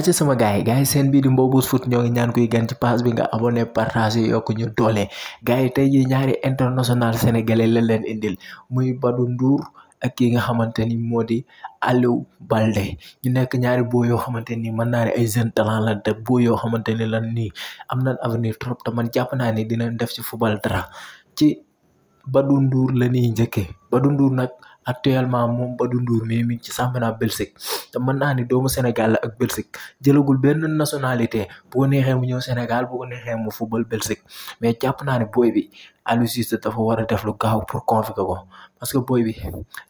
acca sama gars yi gars yi seen bii di Mbow Bouss ñoo ngi ñaan kuy gan ci page bi nga abonné partagé yokk ñu doole gars yi tey jii ñaari international sénégalais la leen indil muy Badou Ndour ak ki nga xamante ni moo di Aliou Balde ñu nekk ñaari boo yoo xamante ni mën naa ne ay jeune talent la te boo yoo xamante ni lan nii am nañ avenir trop te man jàpp naa ni dinañ def ci football dara ci Badou Ndour la ñuy njëkkee Badou nag actuellement moom Badou Ndour mii mi ngi ci championnat Belgique te mën naa ni doomu Sénégal la ak Belgique jëlagul benn nationalité bu ko neexee mu ñëw Sénégal bu ko neexee mu football Belgique mais jàpp naa ne booy bi Aliou Cissé dafa war a def lu gaaw pour convoquer ko parce que booy bi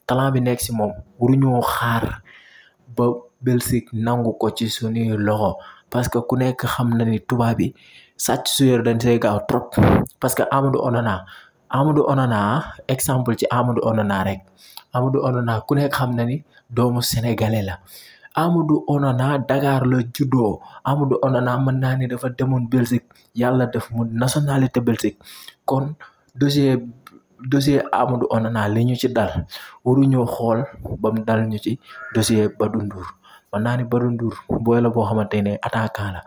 talent bi nekk si moom waruñoo xaar ba Belgique nangu ko ci suñuy loxo parce que ku nekk xam na ni tubaab bi sàcc suyar dañ see trop parce que Amadou Onana Amadou Onana exemple ci Amadou Onana rek Amadou Onana ku nekk xam na ni doomu sénégalais la Amadou Onana Dakar la juddoo Amadou Onana mën naa ni dafa demoon Belgique yàlla def mu nationalité Belgique kon dossier dossier Amadou Onana li ñu ci dal waruñoo xool ba mu dal ñu ci dossier Badou Ndour man naa ni Badou Ndour booy la boo xamante ne attaquant la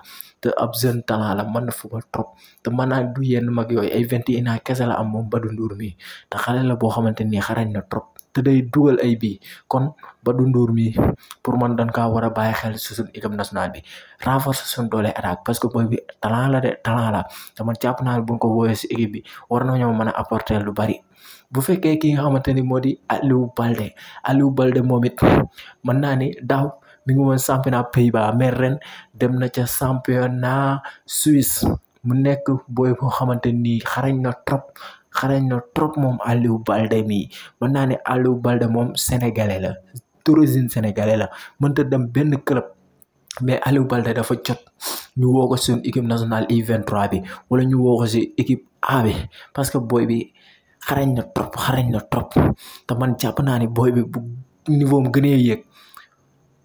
te ab jeune talent la mën na football trop te man naa du yenn mag yooyu ay vingt et un kese la am moom Badou Ndour mii te xale la boo xamante ni xarañ na trop te day dugal ay bii kon Badou Ndour mii pour man dañ kaa war a bàyyi xel si suñu équipe nationale bi renforcer suñu doole attaque parce que booy bi talent la de talent la te man jàpp naa ne buñ ko woowee si équipe bi war nañoo mën a apporter lu bari. bu fekkee ki nga xamante ni moo di Aliou Balde Aliou Balde moom it mën naa ni daaw. mi ngi woon championnat pays ba mais ren dem na ca championnat Suisse mu nekk boy boo xamante ni xarañ na trop xarañ na trop moom Aliou Balde mi mën naa ne Aliou moom sénégalais la d'origine sénégalais la mënta dem benn club mais Aliou Balde dafa jot ñu woo ko suñu équipe nationale U23 bi wala ñu woo ko équipe A parce que booy bi xarañ na trop xarañ na trop te man jàpp naa ni booy bi bu niveau am gënee yéeg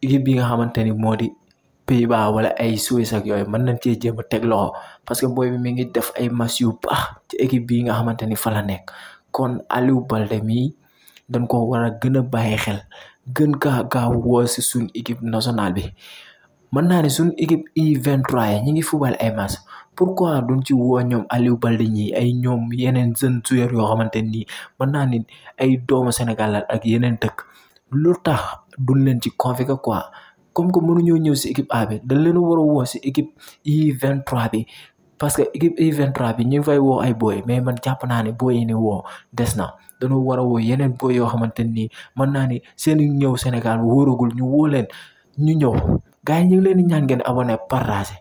équipe bi nga xamante ni moo di pays wala ay Suisse ak yooyu mën nañ cee jéem a teg loxo parce que booy bi mi ngi def ay match yu baax ci équipe bi nga xamante ni fa la nekk kon Aliou Balde mii dañ ko war a gën a bàyyi xel gën kaa kaa woo si suñ équipe nationale bi mën naa ne suñ équipe U23 ñi ngi fubal ay pour quoi duñ ci woo ñoom Aliou Balde ñi ay ñoom yeneen jeunes joueurs yoo xamante nii mën naa ne ay doomu Sénégal ak yeneen dëkk lu tax duñ leen ci convoqué quoi comme que mënuñoo ñëw si équipe A bi dañ leen war a woo si équipe U23 bi parce que équipe U23 bi ñu ngi fay woo ay booy mais man jàpp naa ne booy yi ni woo des na dañoo war a woo yeneen booy yoo xamante nii mën naa ni seen ñëw Sénégal wóoragul ñu woo leen ñu ñëw gars yi ñu ngi leen di ñaan ngeen abonné partagé